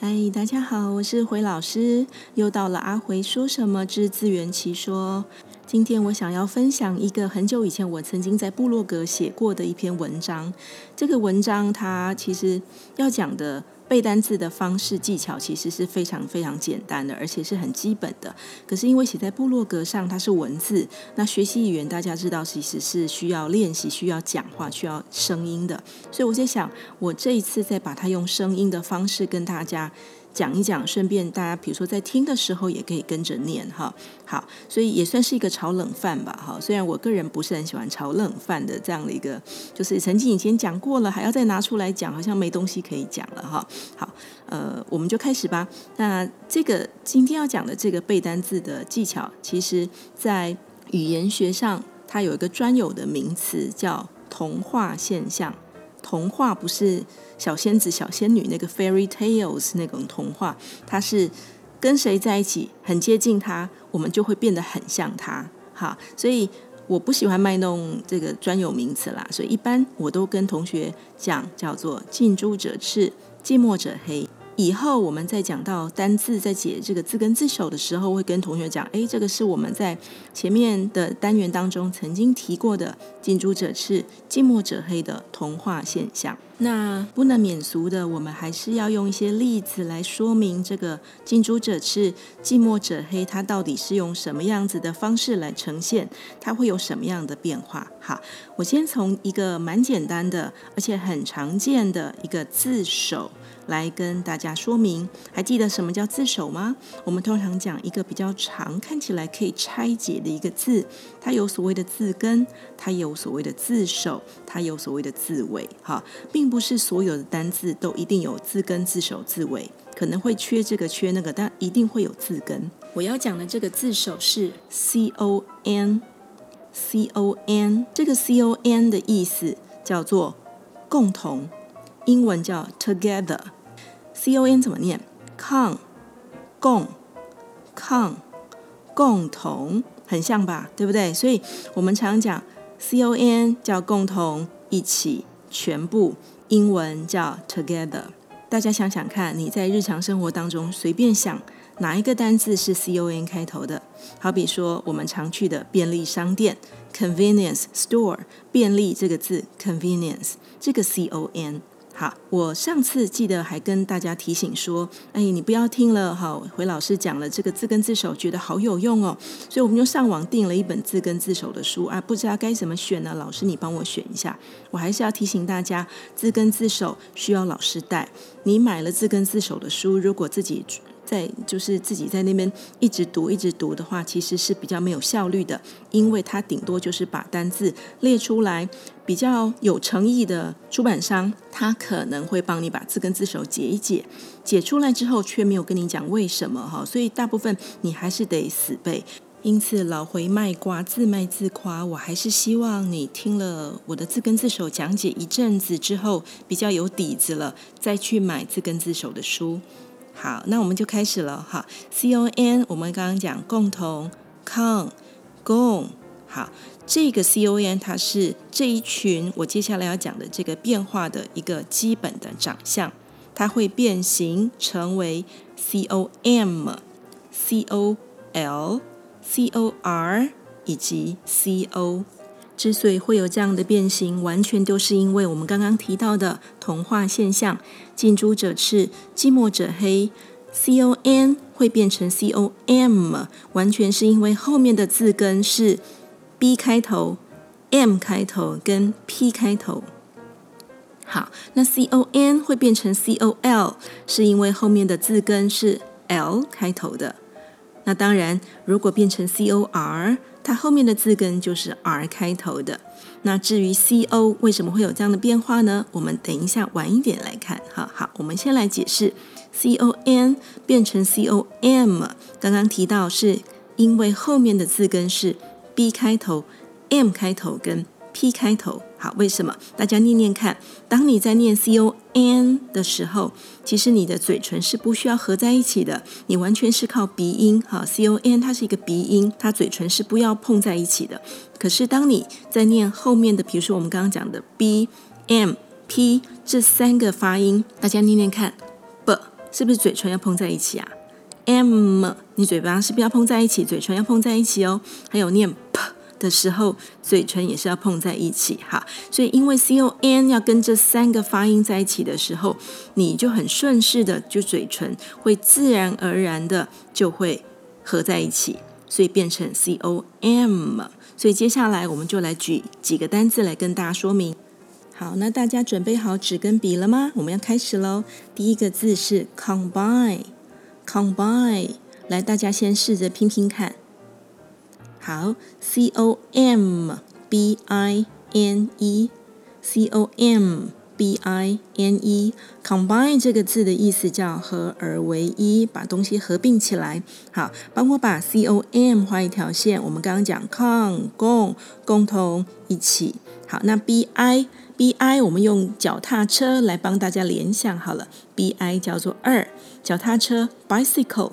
嗨，大家好，我是輝老師，又到了阿輝說什麼之自圓其說。今天我想要分享一個很久以前我曾經在部落格寫過的一篇文章。這個文章它其實要講的。背單字的方式技巧其實是非常非常簡單的，而且是很基本的。可是因為寫在部落格上，它是文字，那學習語言大家知道其實是需要練習、需要講話、需要聲音的。所以我在想，我這一次再把它用聲音的方式跟大家。講一講，順便大家比如說在聽的時候也可以跟着念哈。好，所以也算是一個炒冷飯吧哈。雖然我個人不是很喜歡炒冷飯的這樣的一個，就是曾經以前講過了，還要再拿出來講，好像沒東西可以講了哈。好，呃，我們就開始吧。那這個今天要講的這個背單字的技巧，其實在語言學上它有一個專有的名詞叫同化現象。童話不是小仙子、小仙女那個 fairy tales 那種童話，它是跟誰在一起，很接近他，我們就會變得很像他。哈，所以我不喜歡賣弄這個專有名詞啦，所以一般我都跟同學講叫做“近朱者赤，近墨者黑”。以後我們再講到單字在解這個字根字首的時候，會跟同學講：哎，這個是我們在前面的單元當中曾經提過的“近朱者赤，近墨者黑”的同化現象。那不能免俗的，我們還是要用一些例子來說明這個“近朱者赤，近墨者黑”它到底是用什麼樣子的方式來呈現，它會有什麼樣的變化。好，我先從一個蠻簡單的，而且很常見的一個字首。來跟大家說明，還記得什麼叫字首嗎？我們通常講一個比較長、看起來可以拆解的一個字，它有所謂的字根，它有所謂的字首，它有所謂的字尾。哈，並不是所有的單字都一定有字根、字首、字尾，可能會缺這個缺那個，但一定會有字根。我要講的這個字首是 C O N C O N，這個 C O N 的意思叫做共同，英文叫 together。C O N 怎麼念？共、共、共、共同，很像吧？對不對？所以我們常講 C O N 叫共同、一起、全部。英文叫 together。大家想想看，你在日常生活當中隨便想哪一個單字是 C O N 開頭的？好比說，我們常去的便利商店 convenience store，便利這個字 convenience，這個 C O N。好，我上次記得還跟大家提醒說，哎、欸，你不要聽了哈，回老師講了這個字根字首覺得好有用哦，所以我們就上網訂了一本字根字首的書啊，不知道該怎麼選呢？老師你幫我選一下。我還是要提醒大家，字根字首需要老師帶，你買了字根字首的書，如果自己在，就是自己在那邊一直讀一直讀的話，其實是比較沒有效率的，因為它頂多就是把單字列出來。比較有誠意的出版商，他可能會幫你把字根字首解一解，解出來之後卻沒有跟你講為什麼哈，所以大部分你還是得死背。因此老回賣瓜，自賣自誇，我還是希望你聽了我的字根字首講解一陣子之後，比較有底子了，再去買字根字首的書。好，那我們就開始了哈。C O N，我們剛剛講共同，C O N，共好，這個 C O N 它是這一群我接下來要講的這個變化的一個基本的長相，它會變形成為 C O M、C O L、C O R 以及 C O。之所以會有這樣的變形，完全都是因為我們剛剛提到的同化現象：近朱者赤，近墨者黑。C O N 會變成 C O M，完全是因為後面的字根是 B 開頭、M 開頭跟 P 開頭。好，那 C O N 會變成 C O L，是因為後面的字根是 L 開頭的。那當然，如果變成 C O R。它後面的字根就是 r 開頭的。那至於 co 為什麼會有這樣的變化呢？我們等一下晚一點來看。好，好，我們先來解釋 con 變成 com。剛剛提到是因為後面的字根是 b 開頭、m 開頭跟 p 開頭。好，為什麼大家念念看。當你在念 C O N 的時候，其實你的嘴唇是不需要合在一起的，你完全是靠鼻音。哈，C O N 它是一個鼻音，它嘴唇是不要碰在一起的。可是當你在念後面的，比如說我們剛剛講的 B M P 這三個發音，大家念念看，B 是不是嘴唇要碰在一起啊？M 你嘴巴是不是要碰在一起？嘴唇要碰在一起哦。還有念。的時候，嘴唇也是要碰在一起哈，所以因為 C O N 要跟這三個發音在一起的時候，你就很順勢的，就嘴唇會自然而然的就會合在一起，所以變成 C O M。所以接下來我們就來舉幾個單字來跟大家說明。好，那大家準備好紙跟筆了嗎？我們要開始嘍。第一個字是 combine，combine combine。來，大家先試着拼拼看。好，c o m b i n e，c o m b i n e，combine 這個字的意思叫合而為一，把東西合併起來。好，幫我把 c o m 畫一條線。我們剛剛講 con 共共同一起。好，那 b i b i 我們用腳踏車來幫大家聯想好了。b i 叫做二，腳踏車 bicycle。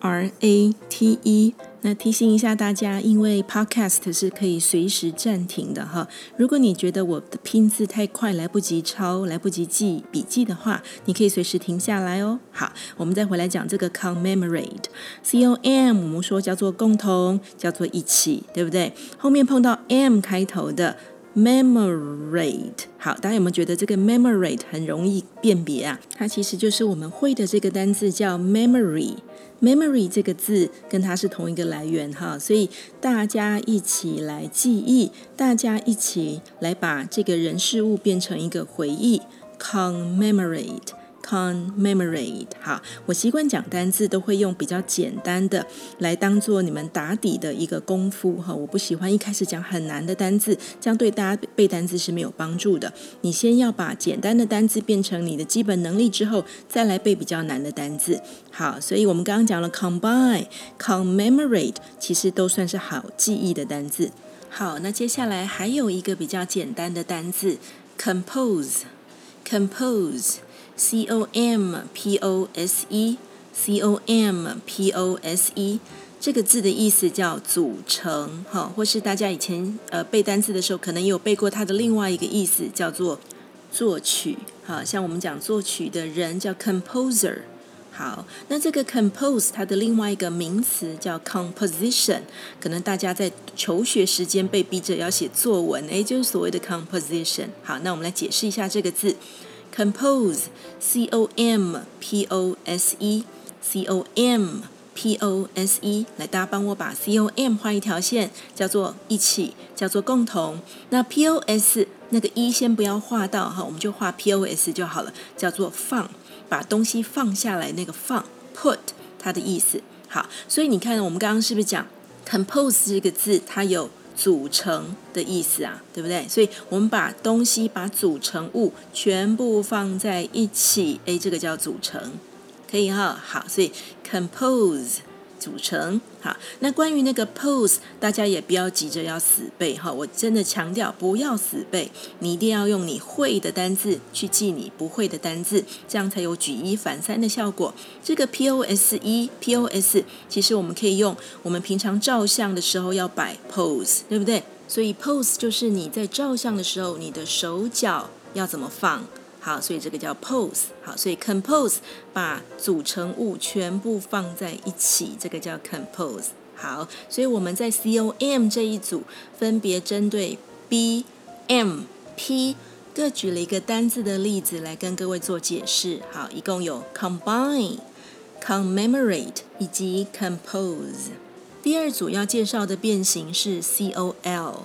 R A T E，那提醒一下大家，因為 Podcast 是可以隨時暫停的哈。如果你覺得我的拼字太快，來不及抄，來不及記筆記的話，你可以隨時停下來哦。好，我們再回來講這個 commemorate，C O M 我們說叫做共同，叫做一起，對不對？後面碰到 M 開頭的。Memorate，好，大家有沒有覺得這個 memorate 很容易辨別啊？它其實就是我們會的這個單字叫 memory，memory memory 這個字跟它是同一個來源哈，所以大家一起來記憶，大家一起來把這個人事物變成一個回憶，commemorate。c o n m e m o r a t e 好，我習慣講單字都會用比較簡單的來當做你們打底的一個功夫哈。我不喜歡一開始講很難的單字，這樣對大家背單詞是沒有幫助的。你先要把簡單的單字變成你的基本能力之後，再來背比較難的單字。好，所以我們剛剛講了 combine，commemorate，其實都算是好記憶的單字。好，那接下來還有一個比較簡單的單字，compose，compose。Compose, Compose. compose，compose -E、這個字的意思叫組成，哈，或是大家以前呃背單詞的時候，可能有背過它的另外一個意思，叫做作曲，哈，像我們講作曲的人叫 composer，好，那這個 compose 它的另外一個名詞叫 composition，可能大家在求學時間被逼着要寫作文，哎，就是所謂的 composition，好，那我們來解釋一下這個字。Compose, C-O-M-P-O-S-E, C-O-M-P-O-S-E。來，大家幫我把 C-O-M 畫一條線，叫做一起，叫做共同。那 P-O-S 那個一、e、先不要畫到哈，我們就畫 P-O-S 就好了，叫做放，把東西放下來，那個放，Put 它的意思。好，所以你看，我們剛剛是不是講 Compose 這個字，它有。組成的意思啊，對不對？所以我們把東西、把組成物全部放在一起，哎，這個叫組成，可以哈。好，所以 compose。組成哈，那關於那個 pose，大家也不要急着要死背哈，我真的強調不要死背，你一定要用你會的單字去記你不會的單字，這樣才有舉一反三的效果。這個 pose，POS，其實我們可以用我們平常照相的時候要擺 pose，對不對？所以 pose 就是你在照相的時候，你的手腳要怎麼放？好，所以這個叫 pose。好，所以 compose 把組成物全部放在一起，這個叫 compose。好，所以我們在 C O M 這一組，分別針對 B、M、P 各舉了一個單字的例子來跟各位做解釋。好，一共有 combine、commemorate 以及 compose。第二組要介紹的變形是 C O L。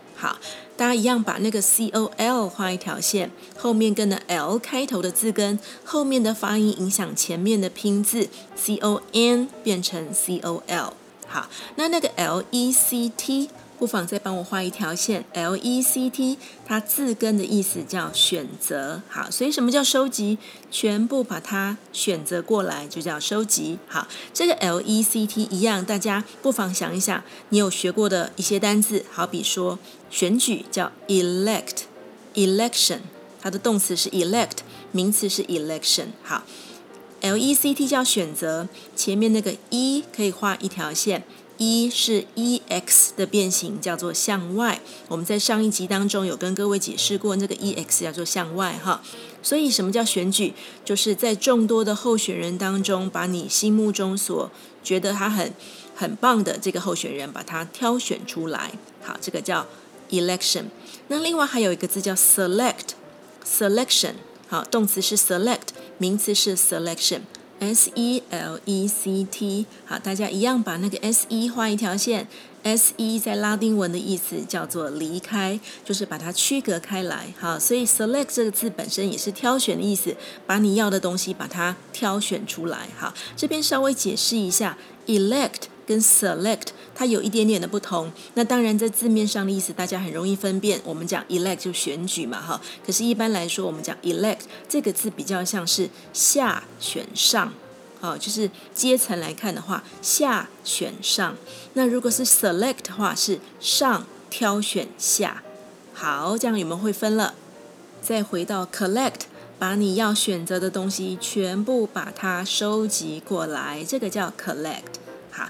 好，大家一樣把那個 C O L 畫一條線，後面跟的 L 開頭的字根，跟後面的發音影響前面的拼字，C O N 變成 C O L。好，那那個 L E C T。不妨再幫我畫一條線，L E C T，它字根的意思叫選擇。好，所以什麼叫收集？全部把它選擇過來，就叫收集。好，這個 L E C T 一樣，大家不妨想一想，你有學過的一些單字，好比說選舉叫 elect，election，它的動詞是 elect，名詞是 election。好。好，L E C T 叫選擇，前面那個 E 可以畫一條線。一是 ex 的變形，叫做向外。我們在上一集當中有跟各位解釋過，那個 ex 叫做向外哈。所以，什麼叫選舉？就是在眾多的候選人當中，把你心目中所覺得他很很棒的這個候選人，把他挑選出來。好，這個叫 election。那另外還有一個字叫 select，selection。好，動詞是 select，名詞是 selection。S E L E C T，好，大家一樣把那個 S E 畫一條線。S E 在拉丁文的意思叫做離開，就是把它區隔開來。好，所以 select 這個字本身也是挑選的意思，把你要的東西把它挑選出來。好，這邊稍微解釋一下，elect 跟 select。它有一點點的不同，那當然在字面上的意思大家很容易分辨。我們講 elect 就選舉嘛，哈。可是一般來說，我們講 elect 這個字比較像是下選上，好，就是階層來看的話，下選上。那如果是 select 的話，是上挑選下。好，這樣你們會分了。再回到 collect，把你要選擇的東西全部把它收集過來，這個叫 collect，哈。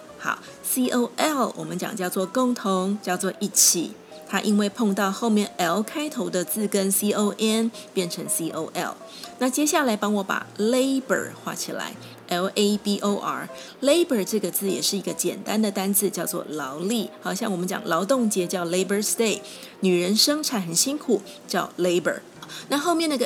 好，C O L，我們講叫做共同，叫做一起。它因為碰到後面 L 開頭的字，跟 C O N 變成 C O L。那接下來幫我把 Labor 畫起來，L A B O R。Labor 這個字也是一個簡單的單字，叫做勞力。好像我們講勞動節叫 Labor Day，女人生產很辛苦叫 Labor。那後面那個。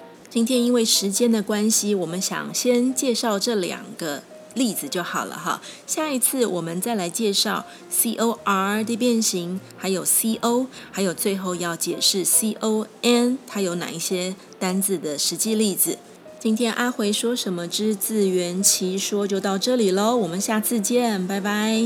今天因為時間的關係，我們想先介紹這兩個例子就好了哈。下一次我們再來介紹 COR 的變形，還有 CO，還有最後要解釋 CON，它有哪一些單字的實際例子。今天阿回說什麼之字源其說就到這裡嘍，我們下次見，拜拜。